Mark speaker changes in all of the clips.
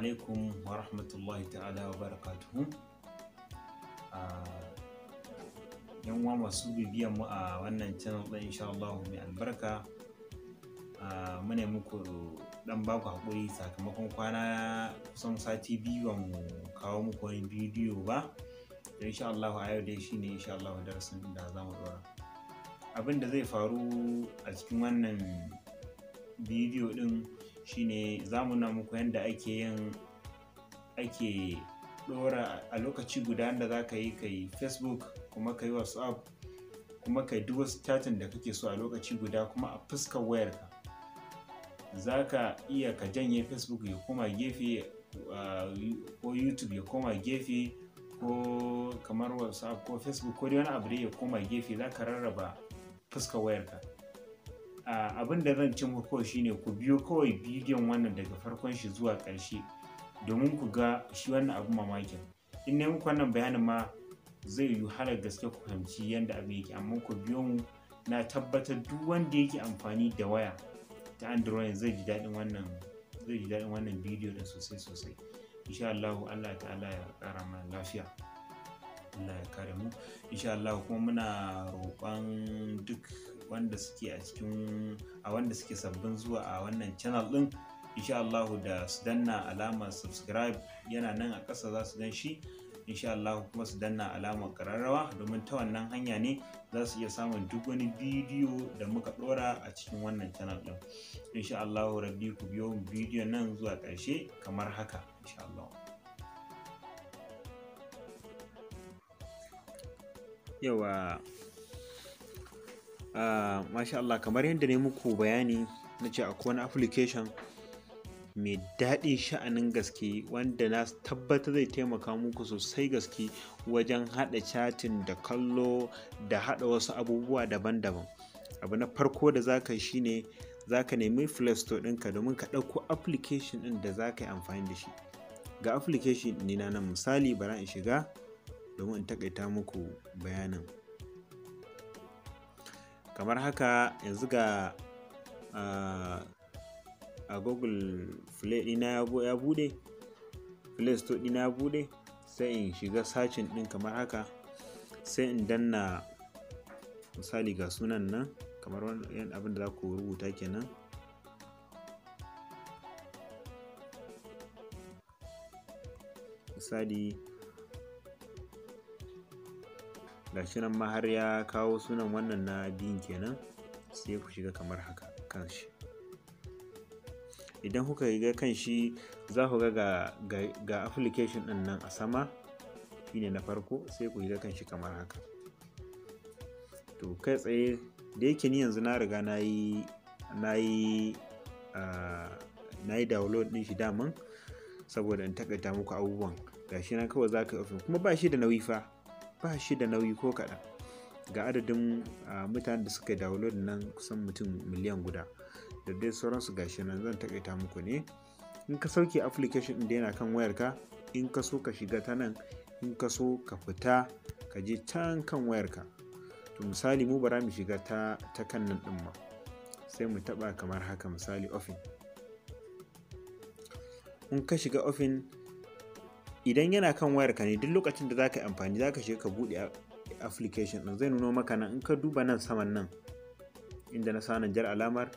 Speaker 1: alaikum wa rahmatullahi ta'ala wa barakatuhu ah, yan uwa masu bibiyan mu a wannan channel din insha Allah mai albarka ah, ne muku dan baku hakuri sakamakon kwana kusan sati biyu ba mu kawo muku wani bidiyo ba da insha Allah a yau dai shine insha Allah darasin da za mu dora abin da zai faru a cikin wannan bidiyo din shine za mu na muku yadda ake yin ake ɗora a lokaci guda da za ka yi ka yi facebook kuma ka yi whatsapp kuma ka yi duk wasu chatin da kake so a lokaci guda kuma a fuskar wayarka za ka iya ka janye facebook ya koma gefe ko youtube ya koma gefe ko kamar whatsapp ko facebook ko dai wani abu da ya koma gefe za ka rarraba fuskar wayarka abin da zan ci muku shine ku biyo kawai bidiyon wannan daga farkon shi zuwa ƙarshe domin ku ga shi wannan abin mamakin in na muku wannan bayanin ma zai yi halar gaske ku fahimci yadda abin yake amma ku biyo mu na tabbatar duk wanda yake amfani da waya ta android zai ji daɗin wannan zai ji daɗin wannan bidiyo da sosai sosai insha Allah Allah ta'ala ya ƙara mana lafiya Allah ya kare mu insha Allah kuma muna roƙon duk wanda suke a cikin a wanda suke sabbin zuwa a wannan channel din insha Allah da su danna alamar subscribe yana nan a ƙasa za su gan shi insha Allah kuma su danna alamar kararrawa domin ta wannan hanya ne za su iya samun duk wani bidiyo da muka dora a cikin wannan channel din insha Allah rabbi ku biyo bidiyon nan zuwa ƙarshe kamar haka insha Allah yawa Ah, masha Allah kamar yadda ne muku bayani na ce akwai wani application mai daɗin sha'anin gaske wanda na tabbata zai taimaka muku sosai gaske wajen haɗa chatin da kallo da haɗa wasu abubuwa daban-daban abu na farko da za ka yi shine za ka nemi play ɗinka domin ka ɗauko application ɗin da za ka yi amfani da shi ga application na nan misali bara in shiga domin in taƙaita muku bayanin kamar haka yanzu ga a google play ɗina ya bude play store ɗina ya bude sai in shiga sacin ɗin kamar haka sai in danna misali ga sunan nan kamar wani abin da za ku rubuta kenan misali gashi nan ma har ya kawo sunan wannan na biyun kenan sai ku shiga kamar haka kan shi idan kuka ga kan shi za ku ga ga application din nan a sama shine na farko sai ku yi kan shi kamar haka to kai tsaye da yake ni yanzu na riga na yi na yi na yi download din shi daman saboda in takaita muku abubuwan gashi nan kawai za ka yi kuma ba shi da nauyi fa ba shi da nauyi ko kaɗan ga adadin mutanen da suka download nan kusan mutum miliyan guda da dai sauransu gashi nan zan takaita muku ne in ka sauke application ɗin da yana kan wayarka in ka so ka shiga ta nan in ka so ka fita ka je can kan wayarka to misali mu bara mu shiga ta ta kan nan ɗin ma sai mu taɓa kamar haka misali ofin in ka shiga ofin idan yana kan wayarka ne duk lokacin da zaka yi amfani zaka shiga ka buɗe application din zai nuno maka nan in ka duba nan saman nan inda na sanan jar alamar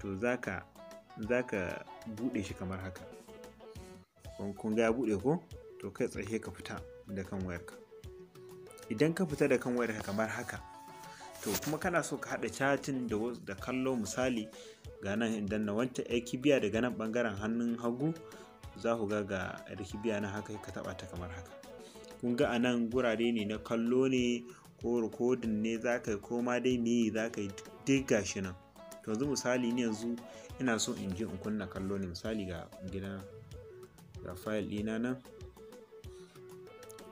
Speaker 1: to zaka zaka buɗe shi kamar haka kun ga ya buɗe ko to kai tsaye ka fita da kan wayarka idan ka fita da kan wayarka kamar haka to kuma kana so ka hada chatin da da kallo misali ga nan idan na wancan biya daga nan bangaren hannun hagu za ku ga ga rikibiya na haka ka taba ta kamar haka kun ga a nan gurare ne na kallo ne ko rikodin ne za ka yi ko dai meye za ka yi duk gashi nan to yanzu misali ne yanzu ina so in ji in kunna kallo ne misali ga gida ga fayil ɗina nan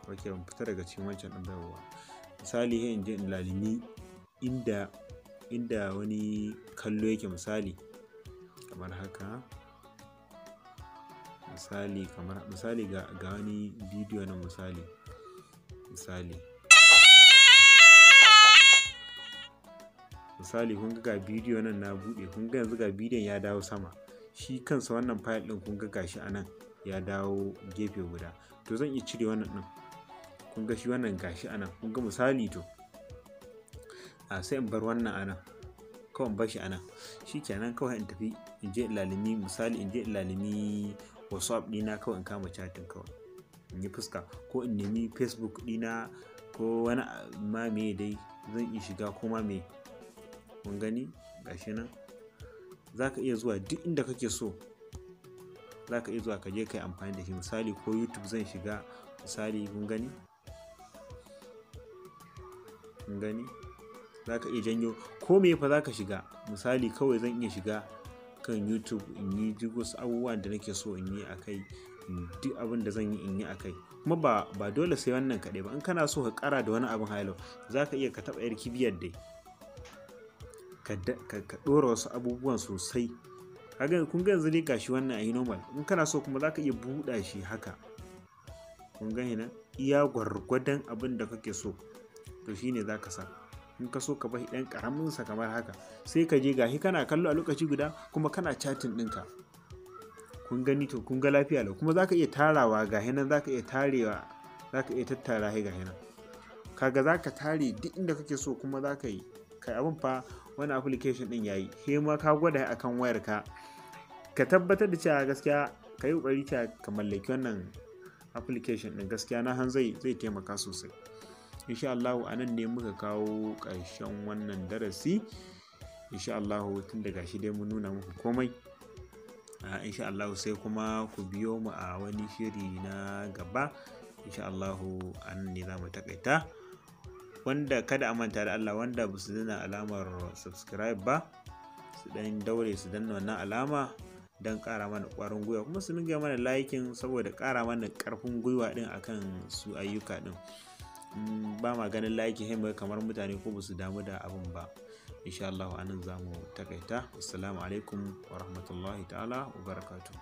Speaker 1: ok ban fita daga cikin wancan ɗin bayarwa misali sai in lalimi inda wani kallo yake misali kamar haka misali kamar misali ga, ga wani bidiyo nan misali misali misali kun ga bidiyo nan na bude kun ga yanzu ga bidiyon ya dawo sama shi kansa wannan fayil din kun ga gashi a nan ya dawo gefe guda to zan iya cire wannan din kun ga shi wannan gashi a nan kun ga misali to a sai in bar wannan a nan kawai in bar shi a nan shi kenan kawai in tafi in je ilalimi lalimi misali in je ilalimi. lalimi whatsapp dina kawai in kama chatin kawai in yi fuska ko in nemi facebook dina ko wani ma me dai zan iya shiga ko ma me mun gani gashi nan za ka iya zuwa duk inda kake so za ka iya zuwa ka je ka yi amfani da shi misali ko youtube zan shiga misali mun gani mun gani za ka iya janyo ko me fa za ka shiga misali kawai zan iya shiga kan youtube in yi duk wasu abubuwa da nake so in yi a kai duk abin da zan yi in yi a kai kuma ba dole sai wannan kaɗai ba in kana so ka ƙara da wani abin hailo za ka iya ka taɓa yar kibiyar dai ka ɗora wasu abubuwan sosai kaga kun ga yanzu dai gashi wannan ayi normal in kana so kuma za ka iya buɗa shi haka kun gani nan iya gwargwadon abin da kake so to shine za ka sa in ka so ka bashi ɗan ƙaramin sa kamar haka sai ka je gashi kana kallo a lokaci guda kuma kana chatin ɗinka kun gani to kun ga lafiya lau kuma zaka iya tarawa gahi nan zaka iya tarewa zaka iya tattara hi gahi nan kaga zaka tare duk inda kake so kuma zaka yi kai abin fa wani application ɗin yayi he ma ka gwada akan wayar ka ka tabbatar da cewa gaskiya ka yi ƙoƙari ka mallaki wannan application ɗin gaskiya na han zai taimaka sosai insha Allahu a nan ne muka kawo karshen wannan darasi insha Allahu tun da shi dai mun nuna muku komai insha Allahu sai kuma ku biyo mu a wani shiri na gaba insha Allahu a nan ne za mu takaita wanda kada a manta da Allah wanda ba su dana alamar subscribe ba su dan daure su danna wannan alama don kara mana kwarin gwiwa kuma su niga mana liking saboda kara mana karfin gwiwa din akan su ayyuka din ba ma ganin laiki him kamar mutane ko basu damu da abin ba insha Allah anan zamu takaita assalamu alaikum wa rahmatullahi ta'ala wa barakatu.